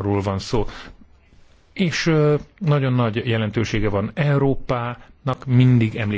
ról van szó. És nagyon nagy jelentősége van Európának, mindig emlékeztetünk.